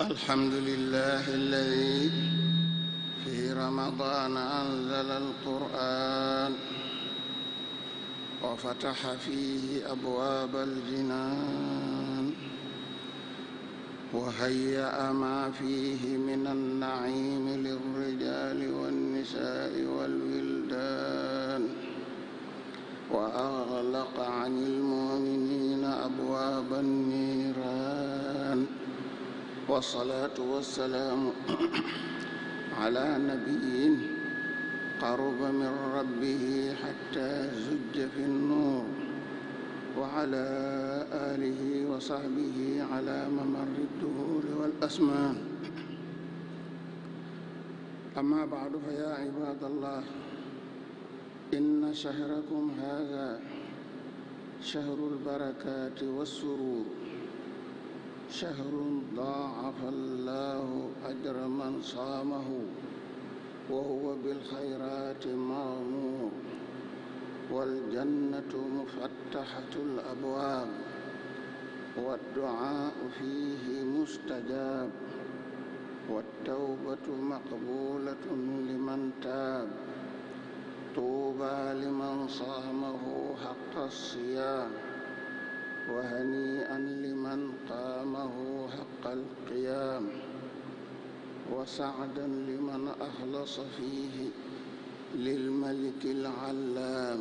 الحمد لله الذي في رمضان أنزل القرآن وفتح فيه أبواب الجنان وهيأ ما فيه من النعيم للرجال والنساء والولدان وأغلق عن المؤمنين أبواب النيران والصلاة والسلام على نبي قرب من ربه حتى زج في النور وعلى آله وصحبه على ممر الدهور والأسمان أما بعد فيا عباد الله إن شهركم هذا شهر البركات والسرور شهر ضاعف الله أجر من صامه وهو بالخيرات مامور والجنة مفتحة الأبواب والدعاء فيه مستجاب والتوبة مقبولة لمن تاب طوبى لمن صامه حق الصيام وهنيئا لمن قامه حق القيام وسعدا لمن أخلص فيه للملك العلام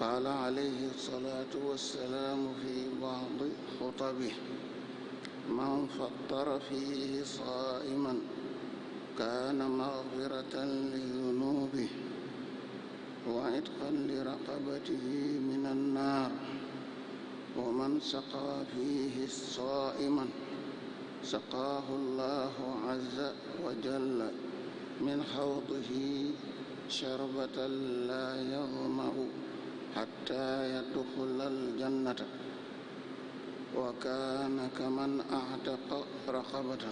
قال عليه الصلاة والسلام في بعض خطبه من فطر فيه صائما كان مغفرة لذنوبه وعتقا لرقبته من النار ومن سقى فيه الصائما سقاه الله عز وجل من حوضه شربة لا يظمأ حتى يدخل الجنة وكان كمن أعتق رقبة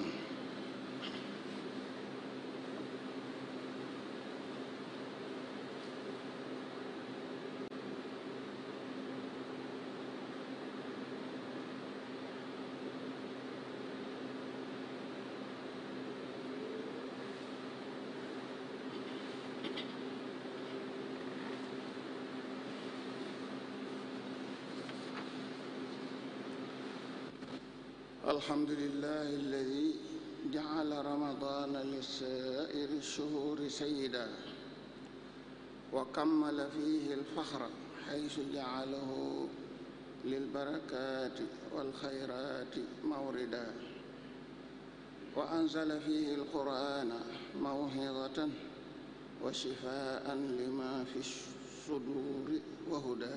الحمد لله الذي جعل رمضان لسائر الشهور سيدا وكمل فيه الفخر حيث جعله للبركات والخيرات موردا وأنزل فيه القرآن موعظة وشفاء لما في الصدور وهدى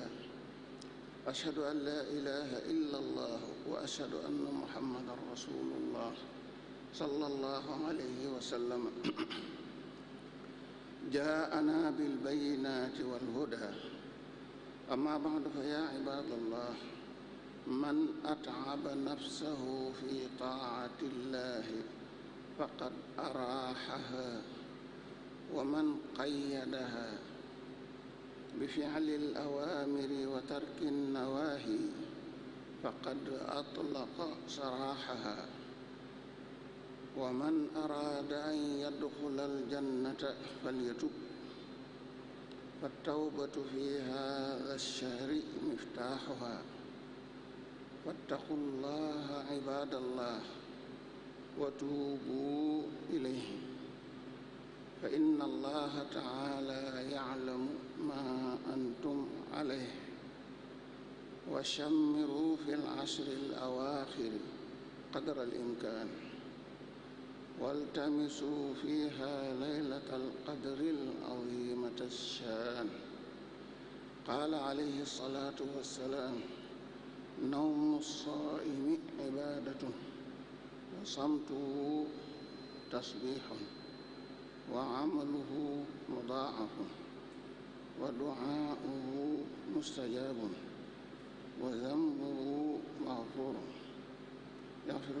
أشهد أن لا إله إلا الله وأشهد أن محمدا رسول الله صلى الله عليه وسلم جاءنا بالبينات والهدى أما بعد فيا عباد الله من أتعب نفسه في طاعة الله فقد أراحها ومن قيدها بفعل الأوامر وترك النواهي فقد أطلق سراحها ومن أراد أن يدخل الجنة فليتب فالتوبة في هذا الشهر مفتاحها فاتقوا الله عباد الله وتوبوا إليه فإن الله تعالى يعلم أنتم عليه وشمروا في العشر الأواخر قدر الإمكان والتمسوا فيها ليلة القدر العظيمة الشان قال عليه الصلاة والسلام نوم الصائم عبادة وصمته تسبيح وعمله مضاعف ودعاؤه مستجاب وذنبه مغفور يغفر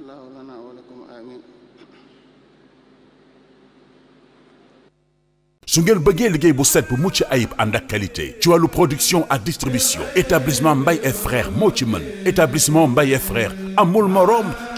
bëggee liggéey bu set bu mucc ayib ànd ak qualité ci wàllu production ak distribution établissement Mbaye et frères moo ci mën établissement Mbaye et frères amul morom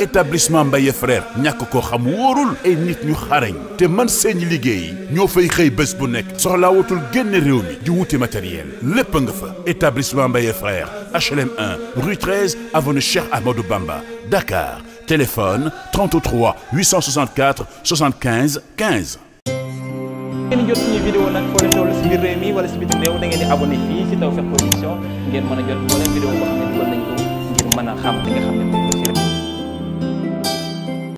établissement Mbaye frère ñàkk koo xam wóorul ay nit ñu xarañ te man seeni liggéey ñoo fay xëy bés bu nekk soxlaa watul génn réew mi di wuti matériel lépp nga fa établissement Mbaye frère HLM 1 rue 13 avenue Cheikh Amadou Bamba Dakar téléphone 33 864 75 15. ngeen jot suñu vidéo nag foo leen toll si biir réew mi wala si biti réew da ngeen di abonné fii si Tawfekh Production ngeen mën a jot moo leen vidéo boo xam ne dugal nañ ko ngir xam li nga